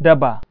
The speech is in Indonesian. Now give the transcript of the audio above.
daba